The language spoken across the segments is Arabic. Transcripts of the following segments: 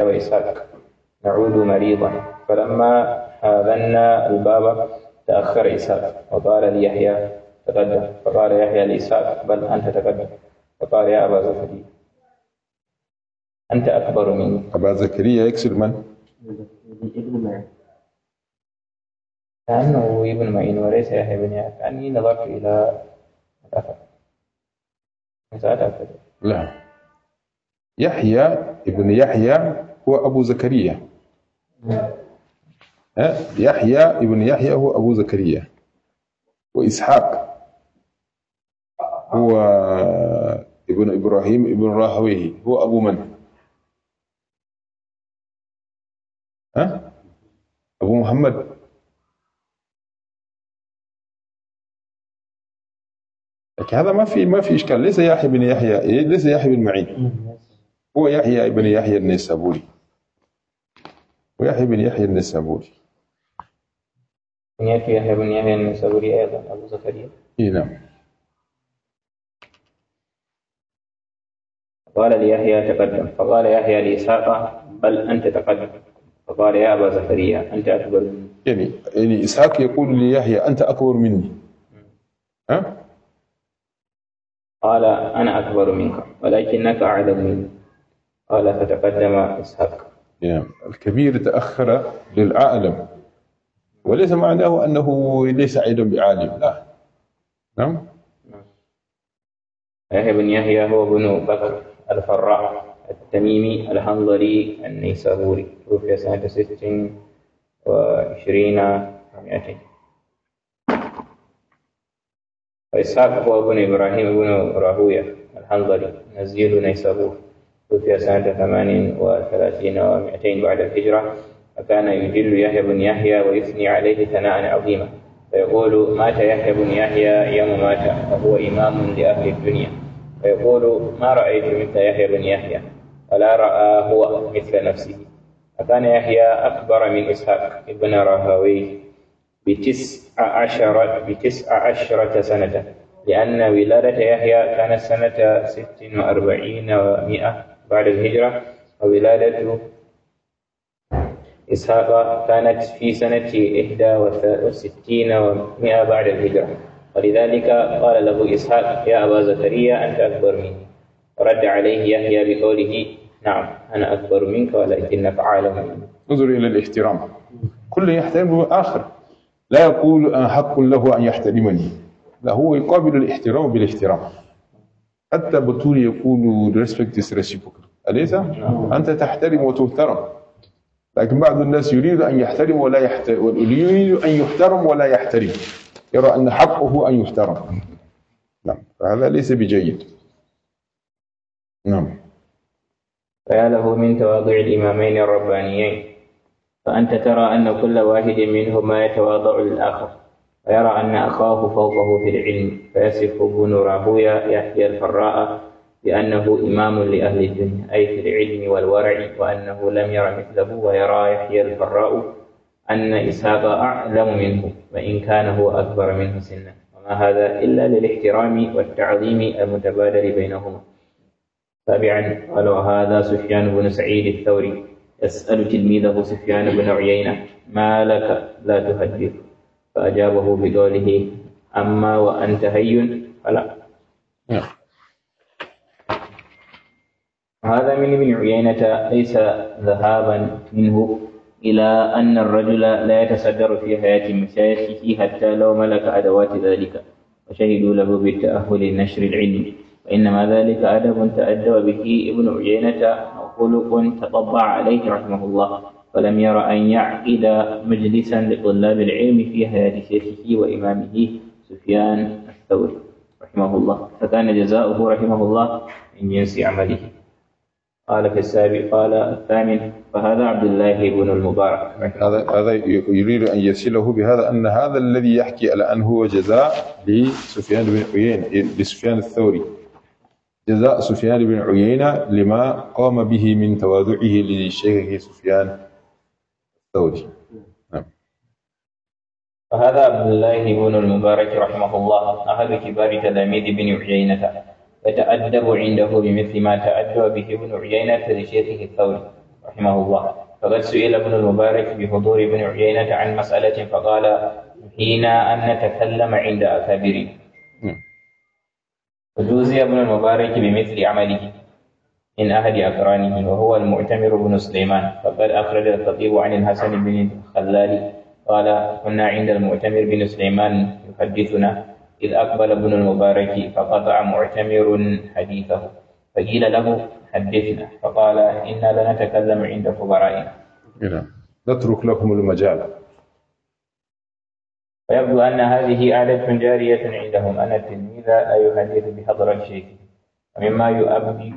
وإسحاق نعود مريضا فلما آذنا الباب تأخر إسحاق وقال ليحيى تقدم فقال يحيى لإسحاق بل أنت تقدم فقال يا أبا زكريا أنت أكبر مني أبا زكريا يكسر من؟ ابن معين كأنه ابن معين وليس يحيى بن يحيى كأني نظرت إلى الأثر لا يحيى ابن يحيى هو أبو زكريا يحيى ابن يحيى هو أبو زكريا وإسحاق هو ابن إبراهيم ابن راهويه هو أبو من ها أبو محمد لكن هذا ما في ما في إشكال ليس يحيى بن يحيى ليس يحيى بن معين هو يحيى بن يحيى النسابوري ويحيى بن يحيى النسابوري كنيته يحيى بن يحيى النسابوري أيضا أبو زكريا اي نعم قال ليحيى تقدم فقال يحيى لإسحاق بل أنت تقدم فقال يا أبا زكريا أنت أكبر مني يعني يعني إسحاق يقول ليحيى أنت أكبر مني ها؟ أه؟ قال أنا أكبر منك ولكنك أعلم مني قال فتقدم إسحاق نعم. الكبير تأخر للعالم وليس معناه أنه ليس عيدا بعالم لا نعم يحيى بن يحيى هو بن بكر الفراء التميمي الحنظري النيسابوري توفي سنة ست وعشرين ومائتين وإسحاق هو ابن إبراهيم بن راهوية الحنظري نزيل نيسابوري توفي سنة ثمان وثلاثين ومئتين بعد الهجرة فكان يجل يحيى بن يحيى ويثني عليه ثناء عظيما فيقول مات يحيى بن يحيى يوم مات وهو إمام لأهل الدنيا فيقول ما رأيت مثل يحيى بن يحيى ولا رأى هو مثل نفسه وكان يحيى أكبر من إسحاق ابن راهويه بتسع عشرة بتسع عشرة سنة لأن ولادة يحيى كانت سنة ست وأربعين ومائة بعد الهجرة وولادة إسحاق كانت في سنة إحدى وستين ومئة بعد الهجرة ولذلك قال له إسحاق يا أبا زكريا أنت أكبر مني ورد عليه يحيى بقوله نعم أنا أكبر منك ولكنك عالم مني انظر إلى الاحترام كل يحترم آخر لا يقول أنا حق له أن يحترمني لا هو يقابل الاحترام بالاحترام حتى بالطول يقول ريسبكت ريسيبوكال أليس؟ أنت تحترم وتحترم لكن بعض الناس يريد أن يحترم ولا يحترم يريد أن يحترم ولا يحترم يرى أن حقه أن يحترم نعم فهذا ليس بجيد نعم فيا له من تواضع الإمامين الربانيين فأنت ترى أن كل واحد منهما يتواضع للآخر ويرى أن أخاه فوقه في العلم فيصف ابن رابويا يحيى الفراء بأنه إمام لأهل الدنيا أي في العلم والورع وأنه لم ير مثله ويرى يحيى الفراء أن إسحاق أعلم منه وإن كان هو أكبر منه سنا وما هذا إلا للاحترام والتعظيم المتبادل بينهما تابعا قال وهذا سفيان بن سعيد الثوري يسأل تلميذه سفيان بن عيينة ما لك لا تهدف فأجابه بقوله أما وأنت هي فلا نعم. هذا من ابن عيينة ليس ذهابا منه إلى أن الرجل لا يتصدر في حياة مشايخه حتى لو ملك أدوات ذلك وشهدوا له بالتأهل لنشر العلم وإنما ذلك أدب تأدب به ابن عيينة وخلق تطبع عليه رحمه الله ولم ير أن يعقد مجلسا لطلاب العلم في شيخه وإمامه سفيان الثوري رحمه الله فكان جزاؤه رحمه الله من جنس عمله قال في السابع قال الثامن فهذا عبد الله بن المبارك هذا هذا يريد ان يسله بهذا ان هذا الذي يحكي الان هو جزاء لسفيان بن عيينه لسفيان الثوري جزاء سفيان بن عيينه لما قام به من تواضعه لشيخه سفيان الزوج نعم فهذا عبد الله بن المبارك رحمه الله أحد كبار تلاميذ بن عيينة فتأدب عنده بمثل ما تأدب به ابن عيينة لشيخه الثوري رحمه الله فقد سئل ابن المبارك بحضور ابن عيينة عن مسألة فقال نهينا أن نتكلم عند أكابرنا نعم. فجوزي ابن المبارك بمثل عمله من أحد أقرانه وهو المعتمر بن سليمان فقد أخرج الخطيب عن الحسن بن الخلال قال كنا عند المعتمر بن سليمان يحدثنا إذ أقبل ابن المبارك فقطع معتمر حديثه فقيل له حدثنا فقال إنا لنتكلم عند خبرائنا نترك لكم المجال ويبدو أن هذه عادة جارية عندهم أن التلميذ لا يحدث بحضرة شيخه ومما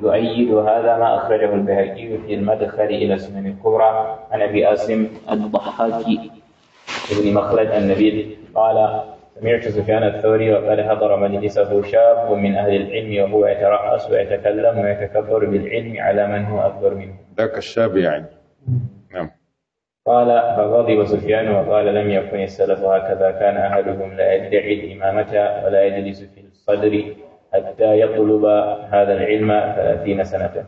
يؤيد هذا ما أخرجه البهجي في المدخل إلى السنن الكبرى عن أبي آسم الضحاك بن مخلد النبي قال سمعت سفيان الثوري وقال حضر مجلسه شاب من أهل العلم وهو يترأس ويتكلم ويتكبر بالعلم على من هو أكبر منه ذاك الشاب يعني نعم قال فغضب سفيان وقال لم يكن السلف هكذا كان أحدهم لا يدعي الإمامة ولا يجلس في الصدر حتى يطلب هذا العلم ثلاثين سنة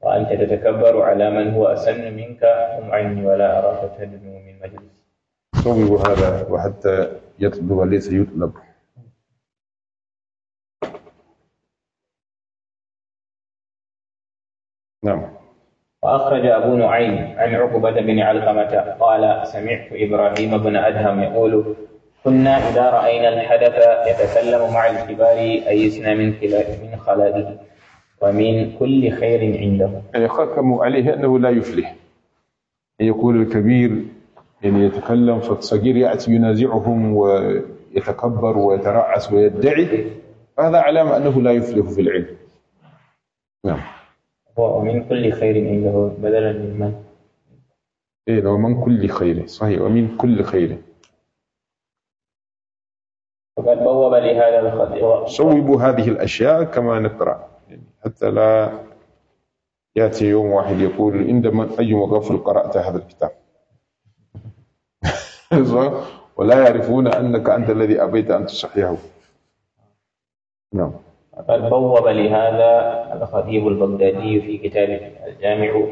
وأنت تتكبر على من هو أسن منك هم عني ولا أراك تدنو من مجلس صوب هذا وحتى يطلب ليس يطلب نعم وأخرج أبو نعيم عن عقبة بن علقمة قال سمعت إبراهيم بن أدهم يقول كنا إذا رأينا الحدث يتكلم مع الكبار أيسنا من من خلائه ومن كل خير عنده. يعني حكموا عليه أنه لا يفلح. أن يقول الكبير يعني يتكلم فالصغير يأتي ينازعهم ويتكبر ويترأس ويدعي فهذا علامة أنه لا يفلح في العلم. نعم. ومن كل خير عنده بدلا من من؟ إيه ومن كل خير صحيح ومن كل خير. وقد بوب لهذا الخطير صوبوا هذه الاشياء كما نقرأ يعني حتى لا يأتي يوم واحد يقول عندما أي مغفل قرأت هذا الكتاب ولا يعرفون أنك أنت الذي أبيت أن تصححه نعم قد بوب لهذا الخطيب البغدادي في كتابه الجامع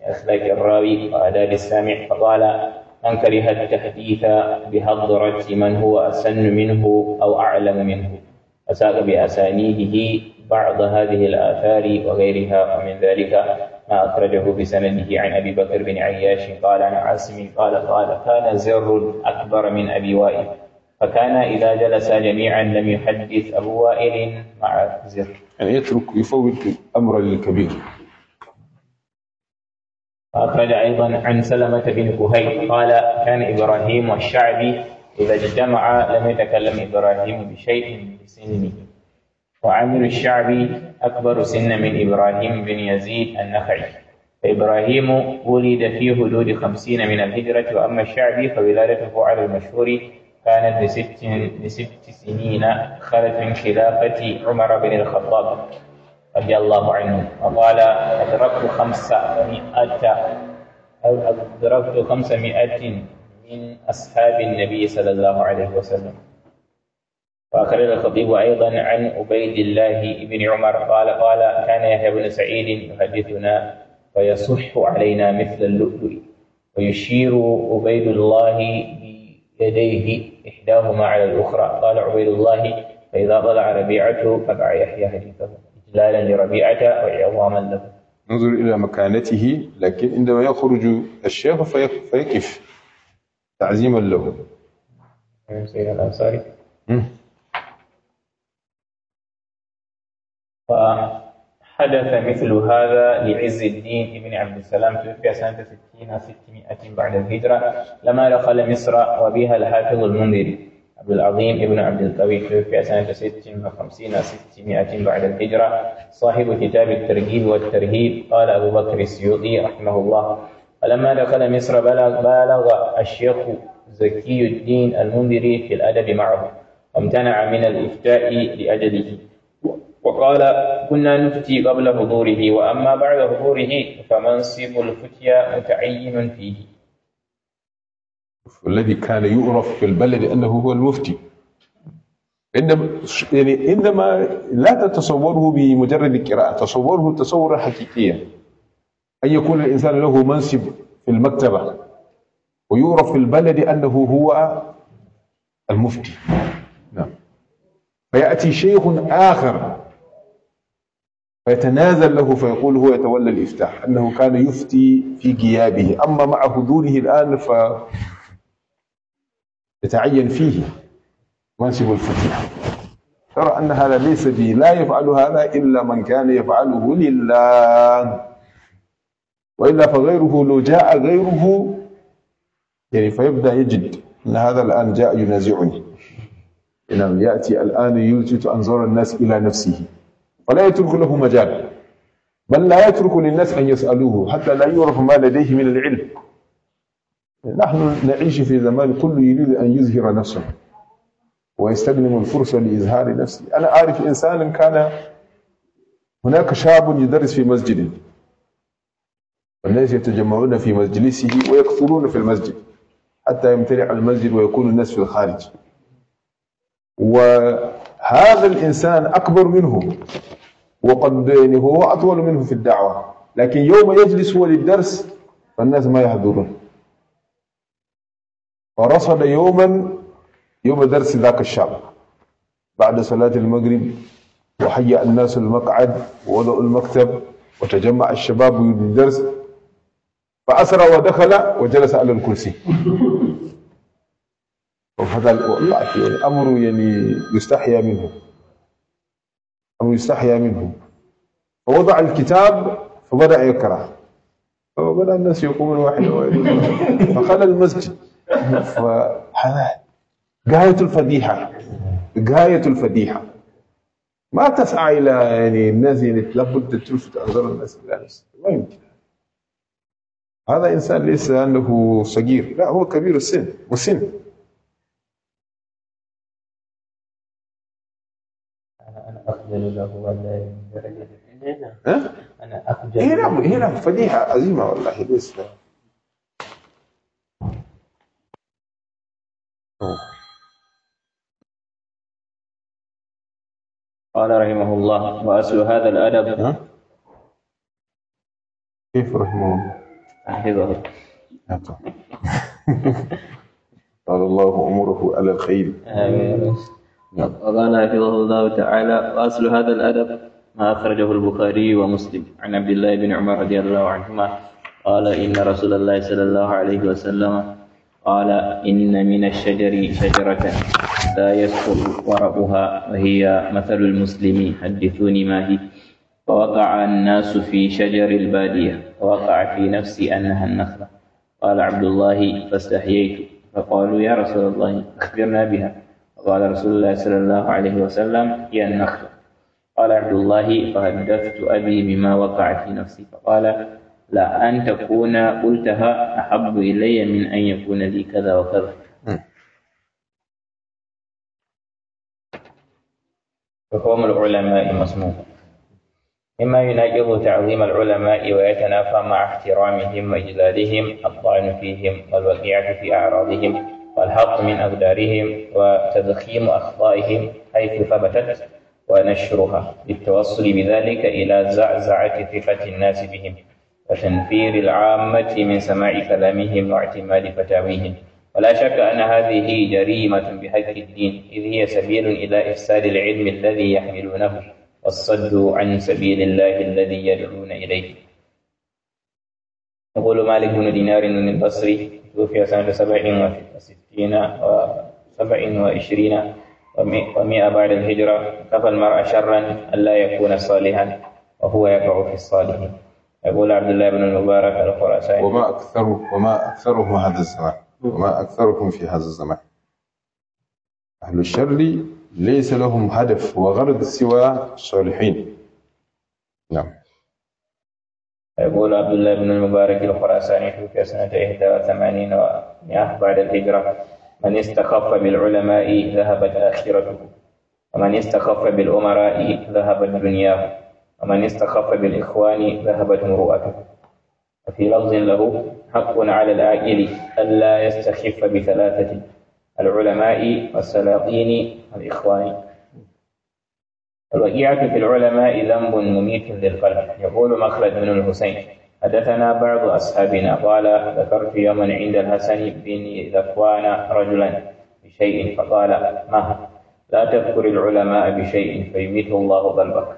لأسلاك الراوي وآداب السامع فقال من كره التحديث بهضرة من هو أسن منه أو أعلم منه وساق بأسانيده بعض هذه الآثار وغيرها ومن ذلك ما أخرجه بسنده عن أبي بكر بن عياش قال عن عاصم قال قال كان زر أكبر من أبي وائل فكان إذا جلس جميعا لم يحدث أبو وائل مع زر يعني يترك يفوت الأمر الكبير وأخرج أيضا عن سلمة بن كهيل قال كان إبراهيم والشعبي إذا اجتمع لم يتكلم إبراهيم بشيء بسنه وعمر الشعبي أكبر سنا من إبراهيم بن يزيد النخعي فإبراهيم ولد في حدود خمسين من الهجرة وأما الشعبي فولادته على المشهور كانت لست, لست سنين خلت من خلافة عمر بن الخطاب رضي الله عنه وقال أدركت خمسمائة أو أدركت مئة من أصحاب النبي صلى الله عليه وسلم وأخرج الخطيب أيضا عن عبيد الله بن عمر قال قال كان يحيى بن سعيد يحدثنا ويصح علينا مثل اللؤلؤ ويشير عبيد الله بيديه إحداهما على الأخرى قال عبيد الله فإذا طلع ربيعته فبع يحيى حديثه هلالا لربيعة وإعظاما له انظر إلى مكانته لكن عندما يخرج الشيخ فيقف تعزيما له سيد الأنصاري فحدث مثل هذا لعز الدين ابن عبد السلام توفي سنة 60 600 بعد الهجرة لما دخل مصر وبها الحافظ المنذري أبو العظيم ابن عبد القوي توفي سنة ست وخمسين بعد الهجرة صاحب كتاب الترغيب والترهيب قال أبو بكر السيوطي رحمه الله فلما دخل مصر بلغ, بالغ الشيخ زكي الدين المنذري في الأدب معه وامتنع من الإفتاء لأجله وقال كنا نفتي قبل حضوره وأما بعد حضوره فمنصب الفتيا متعين فيه الذي كان يعرف في البلد انه هو المفتي عندما يعني عندما لا تتصوره بمجرد القراءه تصوره تصورا حقيقيا ان يكون الانسان له منصب في المكتبه ويعرف في البلد انه هو المفتي نعم فياتي شيخ اخر فيتنازل له فيقول هو يتولى الافتاح انه كان يفتي في غيابه اما مع حضوره الان ف يتعين فيه منصب الفتية ترى أن هذا ليس به لا يفعل هذا إلا من كان يفعله لله وإلا فغيره لو جاء غيره يعني فيبدأ يجد أن هذا الآن جاء ينازعني إنه يأتي الآن يلتفت أنظار الناس إلى نفسه ولا يترك له مجال بل لا يترك للناس أن يسألوه حتى لا يعرف ما لديه من العلم نحن نعيش في زمان كله يريد أن يظهر نفسه ويستغنم الفرصة لإظهار نفسه أنا أعرف إنسان كان هناك شاب يدرس في مسجد والناس يتجمعون في مجلسه ويكثرون في المسجد حتى يمتلئ المسجد ويكون الناس في الخارج وهذا الإنسان أكبر منه وقد يعني هو أطول منه في الدعوة لكن يوم يجلس هو للدرس فالناس ما يحضرون ورصد يوما يوم درس ذاك الشاب بعد صلاة المغرب وهيأ الناس المقعد ووضعوا المكتب وتجمع الشباب للدرس فأسرى ودخل وجلس على الكرسي والله يعني أمر يعني يستحيا منه أمر يستحيا منه فوضع الكتاب فبدأ يقرأ فبدأ الناس يقومون واحد فخلى المسجد غاية الفضيحة غاية الفضيحة ما تسعى إلى يعني الناس يعني لابد تلفت أنظار الناس إلى نفسك ما يمكن هذا إنسان ليس أنه صغير لا هو كبير السن مسن أنا أخجل له والله أه؟ أنا أخجل هنا إيه، هنا إيه، فضيحة عظيمة والله ليس آه. قال رحمه الله وأصل هذا الأدب ها؟ كيف رحمه الله؟ حفظه قال الله أمره على الخير آمين وقال نعم. حفظه الله تعالى وأصل هذا الأدب ما أخرجه البخاري ومسلم عن عبد الله بن عمر رضي الله عنهما قال إن رسول الله صلى الله عليه وسلم قال إن من الشجر شجرة لا يسقط ورقها وهي مثل المسلمين حدثوني ما هي فوقع الناس في شجر البادية ووقع في نفسي أنها النخلة قال عبد الله فاستحييت فقالوا يا رسول الله أخبرنا بها قال رسول الله صلى الله عليه وسلم هي النخلة قال عبد الله فحدثت أبي بما وقع في نفسي فقال لأن تكون قلتها أحب إلي من أن يكون لي كذا وكذا فقوم العلماء مسموم مما يناقض تعظيم العلماء ويتنافى مع احترامهم وإجلالهم الطعن فيهم والوقيعة في أعراضهم والحق من أقدارهم وتضخيم أخطائهم حيث ثبتت ونشرها للتوصل بذلك إلى زعزعة ثقة الناس بهم وتنفير العامة من سماع كلامهم واعتماد فتاويهم ولا شك أن هذه جريمة بحق الدين إذ هي سبيل إلى إفساد العلم الذي يحملونه والصد عن سبيل الله الذي يدعون إليه يقول مالك بن دينار البصري توفي سنة سبع وستين وسبع وعشرين ومئة بعد الهجرة كفى المرء شرا ألا يكون صالحا وهو يقع في الصالحين يقول عبد الله بن المبارك الخراساني وما اكثر وما أكثرهم هذا الزمان وما أكثرهم في هذا الزمان أهل الشر ليس لهم هدف وغرض سوى الصالحين نعم يقول عبد الله بن المبارك الخراساني في سنة 81 و100 بعد الهجرة من استخف بالعلماء ذهبت آخرته ومن استخف بالأمراء ذهبت دنياه ومن استخف بالإخوان ذهبت مروءته وفي لفظ له حق على العائل ألا يستخف بثلاثة العلماء والسلاطين والإخوان الوقيعة في العلماء ذنب مميت للقلب يقول مخلد بن الحسين حدثنا بعض أصحابنا قال ذكرت يوما عند الحسن بن ذكوان رجلا بشيء فقال ما لا تذكر العلماء بشيء فيميت الله قلبك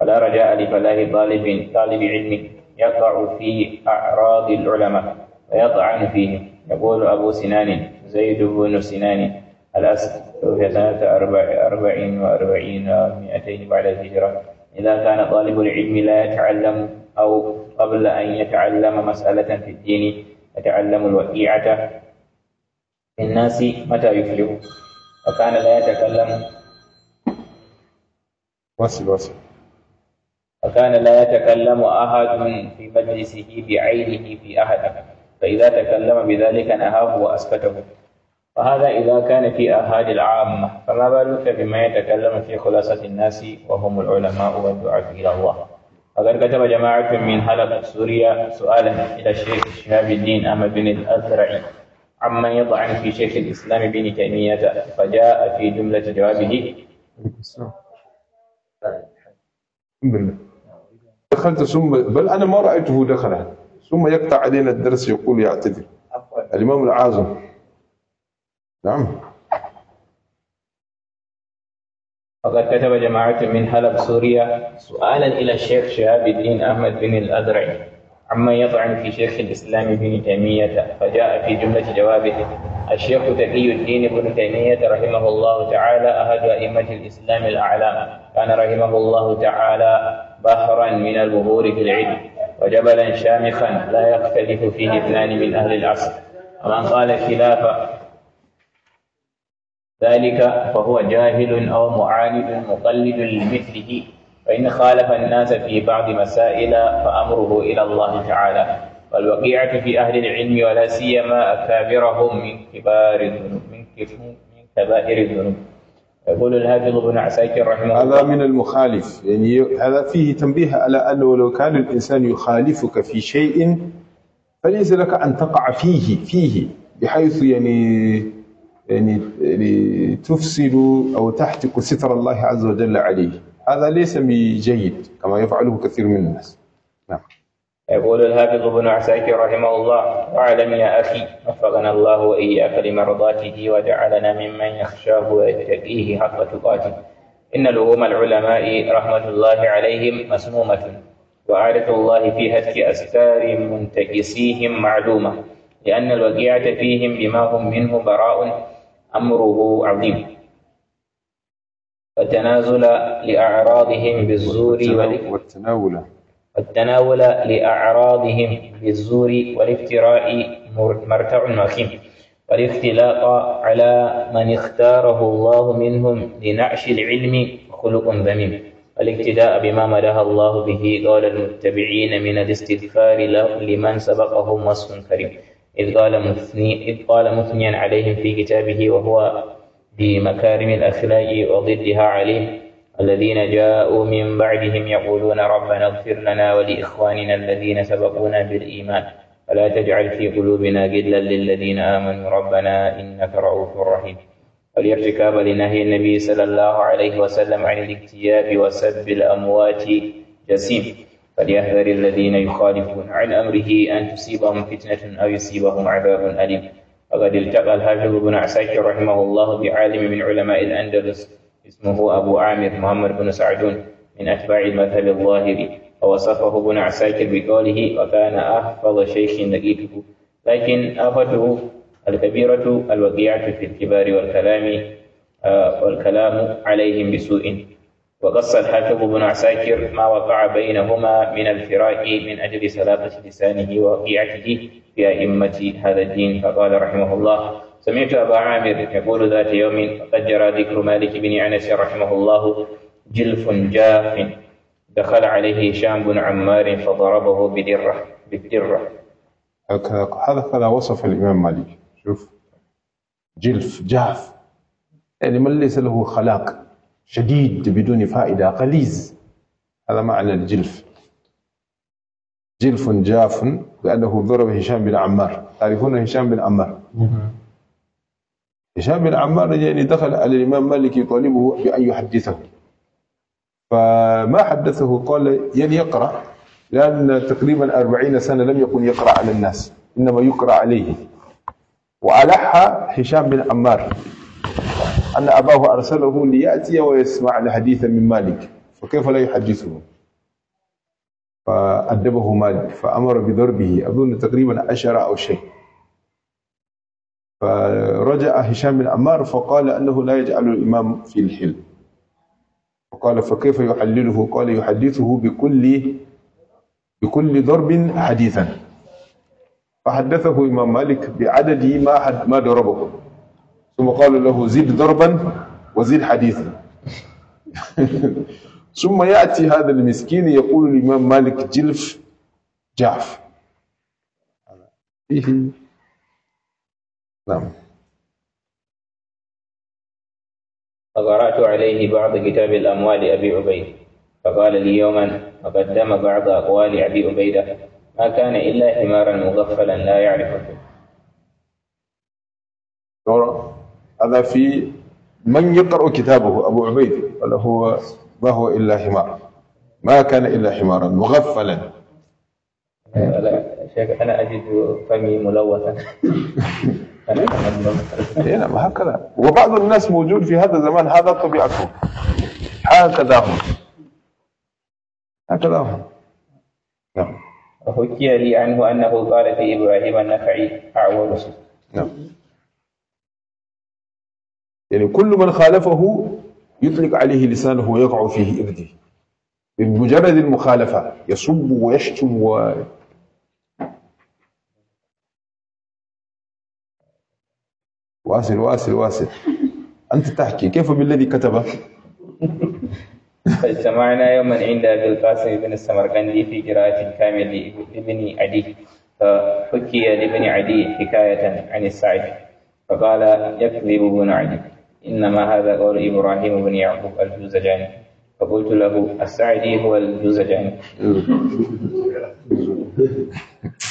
ولا رجاء لفلاه طالب طالب علم يقع في أعراض العلماء ويطعن فيهم يقول أبو سنان زيد بن سنان الأسد توفي سنة أربع وأربعين ومئتين بعد الهجرة إذا كان طالب العلم لا يتعلم أو قبل أن يتعلم مسألة في الدين يتعلم الوقيعة في الناس متى يفلح وكان لا يتكلم واصل واصل فكان لا يتكلم أحد في مجلسه بعينه في أحد فإذا تكلم بذلك نهاه وأسكته وهذا إذا كان في أهالي العامة فما بالك بما يتكلم في خلاصة الناس وهم العلماء والدعاة إلى الله وقد كتب جماعة من حلقة سوريا سؤالا إلى الشيخ شهاب الدين أحمد بن الأزرعي عمن يطعن في شيخ الإسلام بن تيمية فجاء في جملة جوابه دخلت ثم بل أنا ما رأيته دخل ثم يقطع علينا الدرس يقول يعتذر الإمام العازم نعم فقد كتب جماعة من حلب سوريا سؤالا إلى الشيخ شهاب الدين أحمد بن الأذرع عما يطعن في شيخ الإسلام بن تيمية فجاء في جملة جوابه الشيخ تقي الدين ابن تيمية رحمه الله تعالى أحد أئمة الإسلام الأعلام كان رحمه الله تعالى بحرا من البهور في العلم وجبلا شامخا لا يختلف فيه اثنان من أهل العصر ومن قال خلاف ذلك فهو جاهل أو معاند مقلد لمثله فإن خالف الناس في بعض مسائل فأمره إلى الله تعالى والوقيعة في أهل العلم ولا سيما أكابرهم من كبار الذنوب من من كبائر الذنوب يقول الحافظ ابن عساكر رحمه الله هذا من المخالف يعني هذا فيه تنبيه على أنه لو كان الإنسان يخالفك في شيء فليس لك أن تقع فيه فيه بحيث يعني يعني لتفسد يعني او تحتك ستر الله عز وجل عليه هذا ليس بجيد كما يفعله كثير من الناس نعم يقول الهافظ بن عساكر رحمه الله واعلم يا أخي وفقنا الله وإياك لمرضاته وجعلنا ممن يخشاه ويتقيه حق تقاته إن لؤوم العلماء رحمة الله عليهم مسمومة وآلة الله في هتك أستار منتكسيهم معلومة لأن الوقيعة فيهم بما هم منه براء أمره عظيم والتنازل لأعراضهم بالزور والتناول والتناول لأعراضهم بالزور والافتراء مرتع وخيم والاختلاط على من اختاره الله منهم لنعش العلم خلق ذميم والاقتداء بما مدها الله به قال المتبعين من الاستغفار لمن سبقهم وصف كريم إذ قال مثني إذ قال مثنيا عليهم في كتابه وهو بمكارم الأخلاق وضدها عليم الذين جاءوا من بعدهم يقولون ربنا اغفر لنا ولإخواننا الذين سبقونا بالإيمان ولا تجعل في قلوبنا غلا للذين آمنوا ربنا إنك رؤوف رحيم والارتكاب لنهي النبي صلى الله عليه وسلم عن الاكتياب وسب الأموات جسيم فليحذر الذين يخالفون عن أمره أن تصيبهم فتنة أو يصيبهم عذاب أليم وقد التقى الحافظ بن عساكر رحمه الله بعالم من علماء الأندلس اسمه أبو عامر محمد بن سعدون من أتباع المذهب الظاهري ووصفه ابن عساكر بقوله وكان أحفظ شيخ لقيته لكن آفته الكبيرة الوقيعة في الكبار والكلام آه، والكلام عليهم بسوء وقص الحافظ بن عساكر ما وقع بينهما من الفراق من أجل سلامة لسانه ووقيعته في أئمة هذا الدين فقال رحمه الله سمعت أبا عامر يقول ذات يوم قد جرى ذكر مالك بن أنس رحمه الله جلف جاف دخل عليه هشام بن عمار فضربه بدرة بالدرة هذا كذا وصف الإمام مالك شوف جلف جاف يعني من ليس له خلاق شديد بدون فائدة غليظ هذا معنى الجلف جلف جاف بأنه ضرب هشام بن عمار تعرفون هشام بن عمار هشام بن عمار يعني دخل على الإمام مالك يطالبه بأن يحدثه فما حدثه قال يعني يقرأ لأن تقريبا أربعين سنة لم يكن يقرأ على الناس إنما يقرأ عليه وألح هشام بن عمار أن أباه أرسله ليأتي ويسمع الحديث من مالك فكيف لا يحدثه فأدبه مالك فأمر بضربه أظن تقريبا عشرة أو شيء فرجع هشام بن عمار فقال أنه لا يجعل الإمام في الحلم فقال فكيف يحلله قال يحدثه بكل بكل ضرب حديثا فحدثه إمام مالك بعدد ما حد ما ضربه ثم قال له زد ضربا وزد حديثا ثم يأتي هذا المسكين يقول الإمام مالك جلف جعف نعم فقرأت عليه بعض كتاب الأموال أبي عبيد فقال لي يوما وقدم بعض أقوال أبي عبيدة ما كان إلا حمارا مغفلا لا يعرفه هذا في من يقرأ كتابه أبو عبيد قال هو ما هو إلا حمار ما كان إلا حمارا مغفلا لا شيخ أنا أجد فمي ملوثا إيه، نعم هكذا وبعض الناس موجود في هذا الزمان هذا طبيعته هكذا هم هكذا هم نعم وحكي لي عنه انه قال في ابراهيم النفعي اعور نعم يعني كل من خالفه يطلق عليه لسانه ويقع فيه إبدي بمجرد المخالفة يسب ويشتم و واصل واصل واصل أنت تحكي كيف بالذي كتبه؟ اجتمعنا يوما عند أبي القاسم بن السمرقندي في قراءة كامل لابن عدي فحكي لابن عدي حكاية عن السعد فقال يكذب ابن عدي إنما هذا قول إبراهيم بن يعقوب الجوزجاني فقلت له السعدي هو الجوزجاني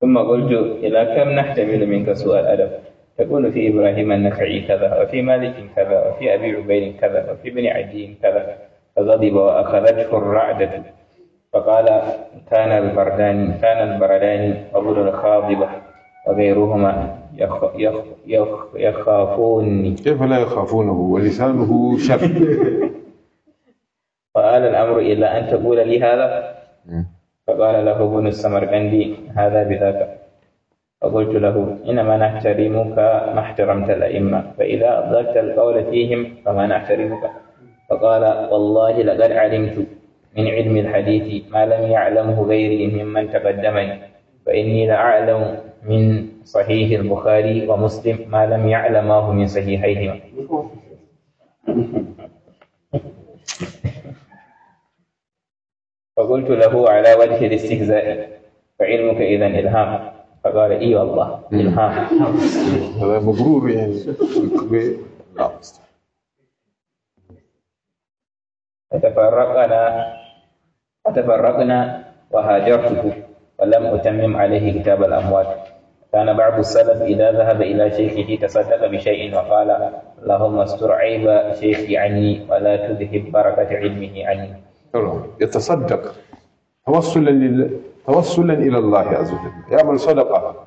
ثم قلت إلى كم نحتمل منك سوء الأدب تقول في إبراهيم النخعي كذا وفي مالك كذا وفي أبي عبيد كذا وفي ابن عدي كذا فغضب وأخذته الرعدة فقال كان البرداني كان البرداني أبو الخاضبة وغيرهما يخ يخ يخ يخافوني كيف لا يخافونه ولسانه شر فآل الأمر إلا أن تقول لي هذا نعم. فقال له ابن السمرقندي هذا بذاك فقلت له إنما نحترمك ما احترمت الأئمة فإذا أطلقت القول فيهم فما نحترمك فقال والله لقد علمت من علم الحديث ما لم يعلمه غيري ممن تقدمني فإني لأعلم من صحيح البخاري ومسلم ما لم يعلماه من صحيحيهما فقلت له على وجه الاستهزاء فعلمك إذا إلهام فقال إي والله إلهام هذا مغرور يعني فتفرقنا فتفرقنا وهاجرته ولم أتمم عليه كتاب الأموات كان بعض السلف إذا ذهب إلى شيخه تصدق بشيء وقال اللهم استر عيب شيخي عني ولا تذهب بركة علمه عني نعم. يتصدق توسلا لله توسلا الى الله عز وجل يعمل صدقه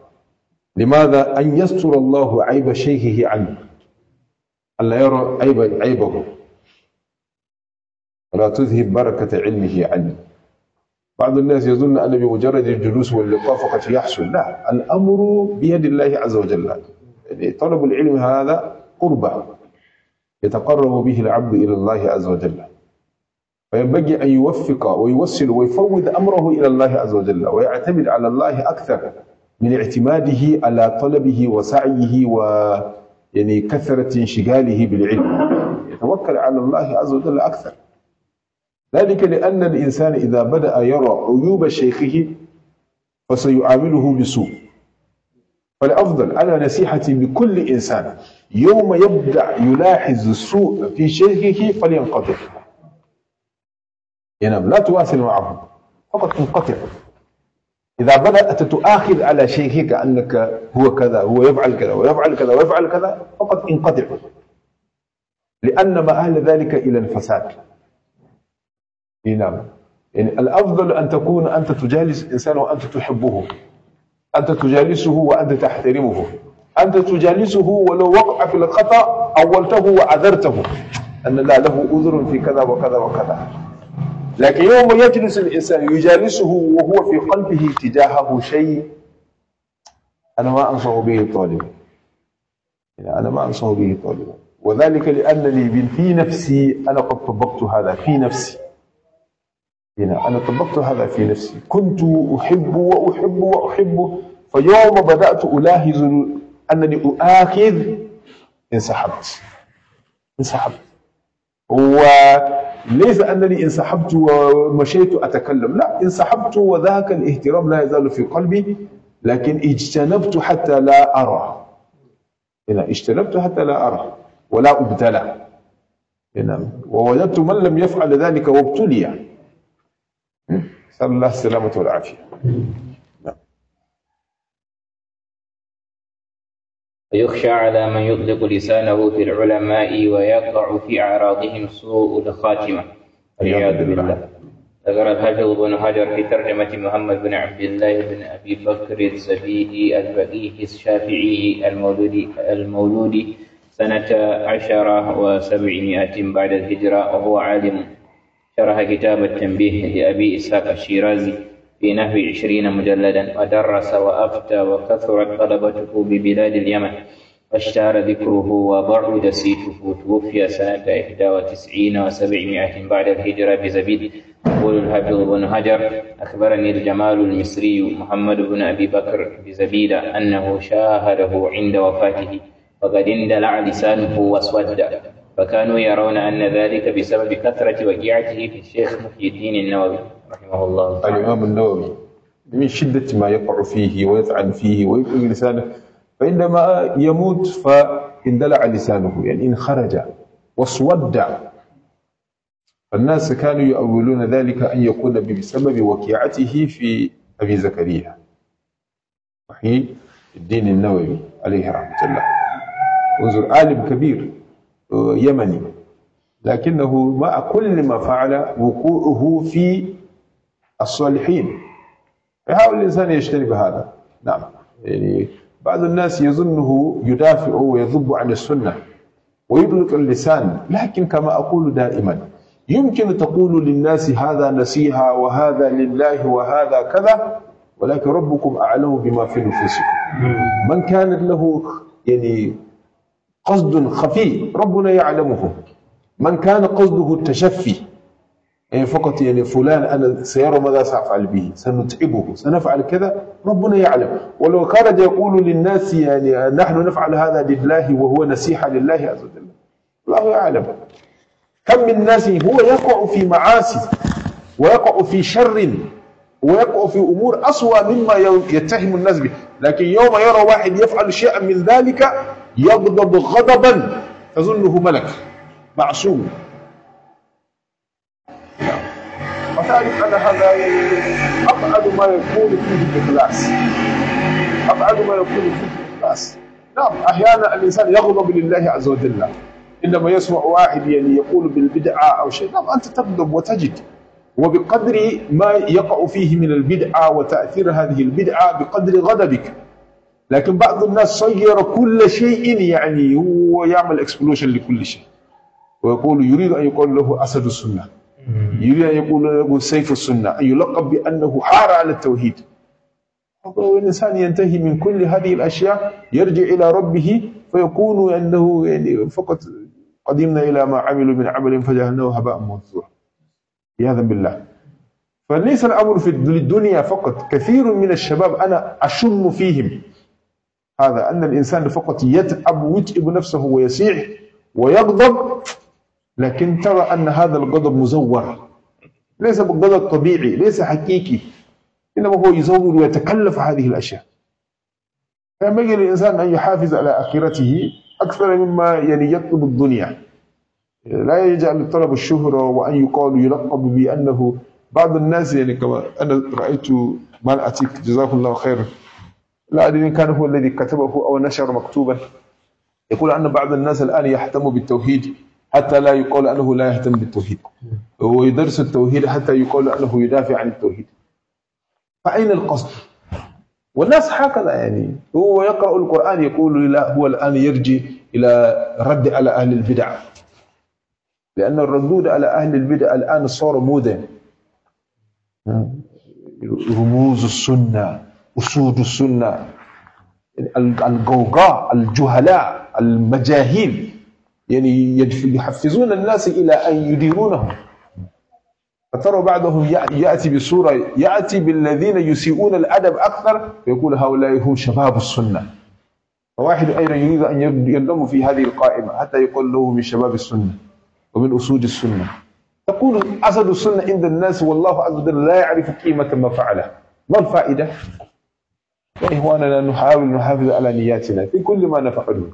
لماذا ان يستر الله عيب شيخه عنه الا يرى عيب عيبه ولا تذهب بركه علمه عنه بعض الناس يظن ان بمجرد الجلوس واللقاء فقط يحصل لا الامر بيد الله عز وجل يعني طلب العلم هذا قربه يتقرب به العبد الى الله عز وجل فينبغي أن يوفق ويوصل ويفوض أمره إلى الله عز وجل ويعتمد على الله أكثر من اعتماده على طلبه وسعيه و يعني كثرة انشغاله بالعلم يتوكل على الله عز وجل أكثر ذلك لأن الإنسان إذا بدأ يرى عيوب شيخه فسيعامله بسوء فالأفضل على نصيحتي بكل إنسان يوم يبدأ يلاحظ السوء في شيخه فلينقطع ينام لا تواصل معه فقط تنقطع إذا بدأت تؤاخذ على شيخك أنك هو كذا هو يفعل كذا ويفعل كذا ويفعل كذا فقط انقطع لأن ما أهل ذلك إلى الفساد نعم يعني الأفضل أن تكون أنت تجالس إنسان وأنت تحبه أنت تجالسه وأنت تحترمه أنت تجالسه ولو وقع في الخطأ أولته وعذرته أن لا له أذر في كذا وكذا وكذا لكن يوم يجلس الإنسان يجالسه وهو في قلبه تجاهه شيء أنا ما أنصح به طالبا يعني أنا ما أنصح به طالبا وذلك لأنني في نفسي أنا قد طبقت هذا في نفسي هنا أنا طبقت هذا في نفسي كنت أحب وأحب وأحب فيوم بدأت ألاحظ أنني أؤاخذ انسحبت انسحبت وليس أنني انسحبت ومشيت أتكلم لا انسحبت وذاك الاهترام لا يزال في قلبي لكن اجتنبت حتى لا أرى هنا اجتنبت حتى لا أرى ولا أبتلى هنا ووجدت من لم يفعل ذلك وابتلي صلى نسأل الله السلامة والعافية ويخشى على من يطلق لسانه في العلماء ويقع في أعراضهم سوء الخاتمة والعياذ بالله ذكر الحافظ بن حجر في ترجمة محمد بن عبد الله بن أبي بكر الزبيدي البقيه الشافعي المولود المولود سنة عشر وسبعمائة بعد الهجرة وهو عالم شرح كتاب التنبيه لأبي إسحاق الشيرازي في نحو عشرين مجلدا ودرس وأفتى وكثرت طلبته ببلاد اليمن واشتهر ذكره وبعد سيفه توفي سنة إحدى وتسعين وسبعمائة بعد الهجرة بزبيد يقول الحافظ بن هجر أخبرني الجمال المصري محمد بن أبي بكر بزبيد أنه شاهده عند وفاته وقد اندلع لسانه واسود فكانوا يرون أن ذلك بسبب كثرة وجيعته في الشيخ محي الدين النووي رحمه الله تعالى الإمام النووي من شدة ما يقع فيه ويطعن فيه ويبلغ لسانه فعندما يموت فاندلع لسانه يعني إن خرج واسود فالناس كانوا يؤولون ذلك أن يكون بسبب وكيعته في أبي زكريا صحيح الدين النووي عليه رحمة الله انظر عالم كبير آه، يمني لكنه مع كل ما فعل وقوعه في الصالحين يحاول الإنسان يجتنب هذا نعم يعني بعض الناس يظنه يدافع ويذب عن السنة ويطلق اللسان لكن كما أقول دائما يمكن تقول للناس هذا نسيها وهذا لله وهذا كذا ولكن ربكم أعلم بما في نفوسكم من كانت له يعني قصد خفي ربنا يعلمه من كان قصده التشفي يعني فقط يعني فلان أنا سيرى ماذا سأفعل به سنتعبه سنفعل كذا ربنا يعلم ولو كان يقول للناس يعني نحن نفعل هذا لله وهو نسيحة لله عز وجل الله يعلم كم من الناس هو يقع في معاصي ويقع في شر ويقع في أمور أسوأ مما يتهم الناس به لكن يوم يرى واحد يفعل شيئا من ذلك يغضب غضبا تظنه ملك معصوم وتعرف أن هذا أبعد ما يكون فيه الإخلاص أبعد ما يكون فيه الإخلاص نعم أحيانا الإنسان يغضب لله عز وجل إنما يسمع واحد يعني يقول بالبدعة أو شيء نعم أنت تغضب وتجد وبقدر ما يقع فيه من البدعة وتأثير هذه البدعة بقدر غضبك لكن بعض الناس صير كل شيء يعني هو يعمل اكسبلوشن لكل شيء ويقول يريد أن يقول له أسد السنة Mm. يريد أن يقول له سيف السنة أن يلقب بأنه حار على التوحيد الإنسان ينتهي من كل هذه الأشياء يرجع إلى ربه فيكون أنه يعني فقط قدمنا إلى ما عملوا من عمل فجعلناه هباء منثورا عياذا بالله فليس الأمر في الدنيا فقط كثير من الشباب أنا أشم فيهم هذا أن الإنسان فقط يتعب ويتعب نفسه ويسيح ويغضب لكن ترى أن هذا الغضب مزور ليس بالغضب طبيعي ليس حقيقي إنما هو يزور ويتكلف هذه الأشياء فينبغي للإنسان أن يحافظ على آخرته أكثر مما يعني يطلب الدنيا لا يجعل طلب الشهرة وأن يقال يلقب بأنه بعض الناس يعني كما أنا رأيت مال أتيك جزاه الله خيرا لا أدري كان هو الذي كتبه أو نشر مكتوبا يقول أن بعض الناس الآن يهتم بالتوحيد حتى لا يقال أنه لا يهتم بالتوحيد ويدرس التوحيد حتى يقال أنه يدافع عن التوحيد فأين القصد؟ والناس هكذا يعني هو يقرأ القرآن يقول لا هو الآن يرجع إلى رد على أهل البدع لأن الردود على أهل البدع الآن صار مودا رموز السنة أسود السنة الغوغاء الجهلاء المجاهيل يعني يحفزون الناس إلى أن يديرونهم فترى بعضهم يأتي بصورة يأتي بالذين يسيئون الأدب أكثر فيقول هؤلاء هم شباب السنة فواحد أيضا يريد أن ينضم في هذه القائمة حتى يقول له من شباب السنة ومن أسود السنة تقول أسد السنة عند الناس والله عز وجل لا يعرف قيمة ما فعله ما الفائدة؟ يا إخواننا نحاول نحافظ على نياتنا في كل ما نفعله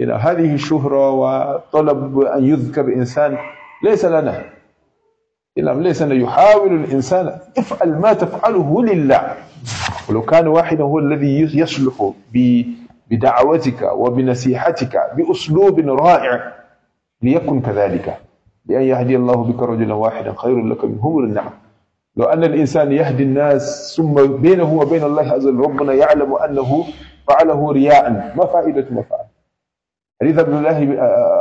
إلى هذه الشهرة وطلب أن يذكر إنسان ليس لنا إنما ليس لنا يحاول الإنسان افعل ما تفعله لله ولو كان واحدا هو الذي يصلح بدعوتك وبنصيحتك بأسلوب رائع ليكن كذلك لأن يهدي الله بك رجلا واحدا خير لك من همر النعم لو أن الإنسان يهدي الناس ثم بينه وبين الله عز وجل ربنا يعلم أنه فعله رياء ما فائدة ما فعل حديث ابن الله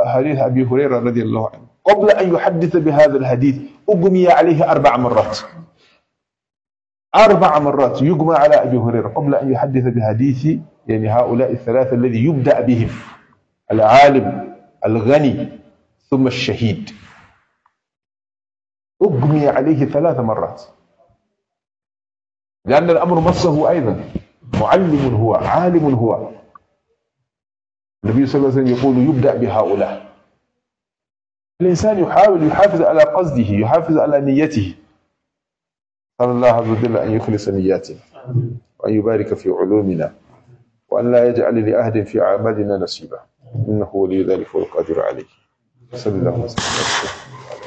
حديث أبي هريرة رضي الله عنه قبل أن يحدث بهذا الحديث اغمي عليه أربع مرات أربع مرات يغمى على أبي هريرة قبل أن يحدث بحديث يعني هؤلاء الثلاثة الذي يبدأ بهم العالم الغني ثم الشهيد اغمي عليه ثلاث مرات لأن الأمر مسه أيضا معلم هو عالم هو النبي صلى الله عليه وسلم يقول يبدأ بهؤلاء الإنسان يحاول يحافظ على قصده يحافظ على نيته سأل الله عز وجل أن يخلص نياتنا وأن يبارك في علومنا وأن لا يجعل لأهد في أعمالنا نصيبا إنه ولي ذلك والقادر عليه صلى الله عليه وسلم